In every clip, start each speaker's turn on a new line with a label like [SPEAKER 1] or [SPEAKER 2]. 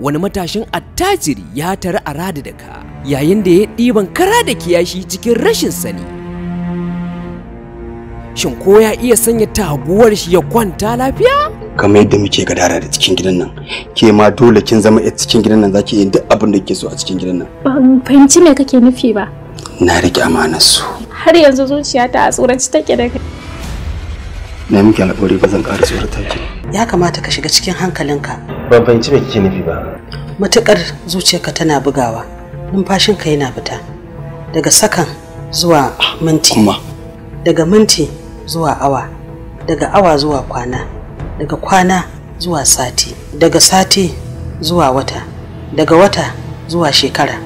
[SPEAKER 1] wani matashin attajiri ya tara a rada da ka yayin da ya ɗiban kara da kiyashi cikin rashin sani shin ko ya iya sanya taguwar shi ya kwanta lafiya
[SPEAKER 2] kamar yadda muke gadara da cikin gidan nan ke ma dole kin zama a cikin gidan nan zaki yi duk abin da kike so a cikin gidan nan
[SPEAKER 1] ban fahimci me kake nufi ba
[SPEAKER 2] na rike amanar su har yanzu zuciyata a tsoraci take da kai na miki alƙawari ba zan ƙara tsoratar ki ya kamata ka shiga cikin hankalinka ban fahimci me kike nufi ba matukar zuciyarka tana bugawa numfashinka yana fita daga sakan zuwa minti daga minti zuwa awa daga awa zuwa kwana daga kwana zuwa sati daga sati zuwa wata daga wata zuwa shekara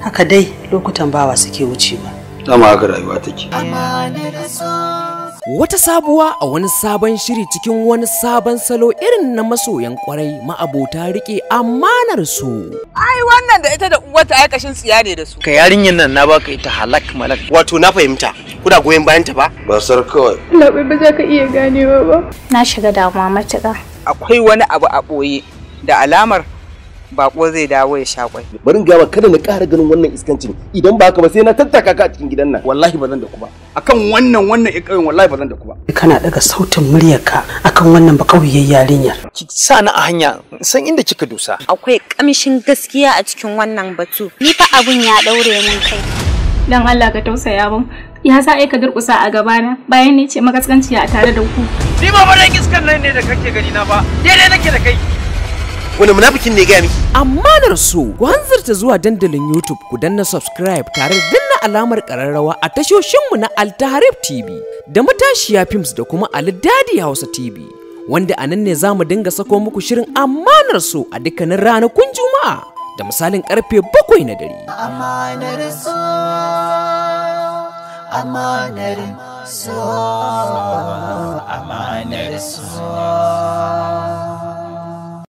[SPEAKER 2] haka dai lokutan bawa suke wucewa dama haka rayuwa take
[SPEAKER 1] Wata sabuwa a wani sabon shiri cikin wani sabon salo irin na masoyan kwarai ma'abota rike amanar su.
[SPEAKER 2] Ai wannan da ita da uwata ai kashin tsiya ne da su.
[SPEAKER 1] Ka yarinyar nan na baka ita halak malak. Wato na fahimta. Kuna goyon bayan ta ba? Ba sar kawai.
[SPEAKER 2] Na ba za ka iya ganewa ba. Na shiga damuwa matuƙa.
[SPEAKER 1] Akwai wani abu a ɓoye da alamar bako zai dawo ya sha kwai bari ga gaba kada na ƙara ganin wannan iskancin idan ba haka ba sai na tattaka ka a cikin gidan nan wallahi ba zan da ku ba
[SPEAKER 2] akan wannan wannan ikawin wallahi ba zan da ku ba kana daga sautin muryarka akan wannan ba kawai yarinyar ki
[SPEAKER 1] sa na a hanya san
[SPEAKER 2] inda kika dusa
[SPEAKER 1] akwai kamshin gaskiya a cikin wannan batu ni fa abun ya daure mun kai dan
[SPEAKER 2] Allah ka tausaya mun ya sa aika durkusa a gaba na bayan ne ce makaskanciya a tare da ku
[SPEAKER 1] ni ba bare kiskan nan ne da kake gani na ba daidai nake da kai wani munafikin ne gaya miki amanar su ku hanzarta zuwa dandalin youtube ku danna subscribe tare da danna alamar kararrawa a tashoshinmu na altaharib tv da matashiya films da kuma Ali Dadi hausa tv wanda a nan ne za mu dinga sako muku shirin amanar su a dukkanin ranakun juma'a da misalin karfe bakwai na dare
[SPEAKER 2] amanar so, amanar so, amanar so.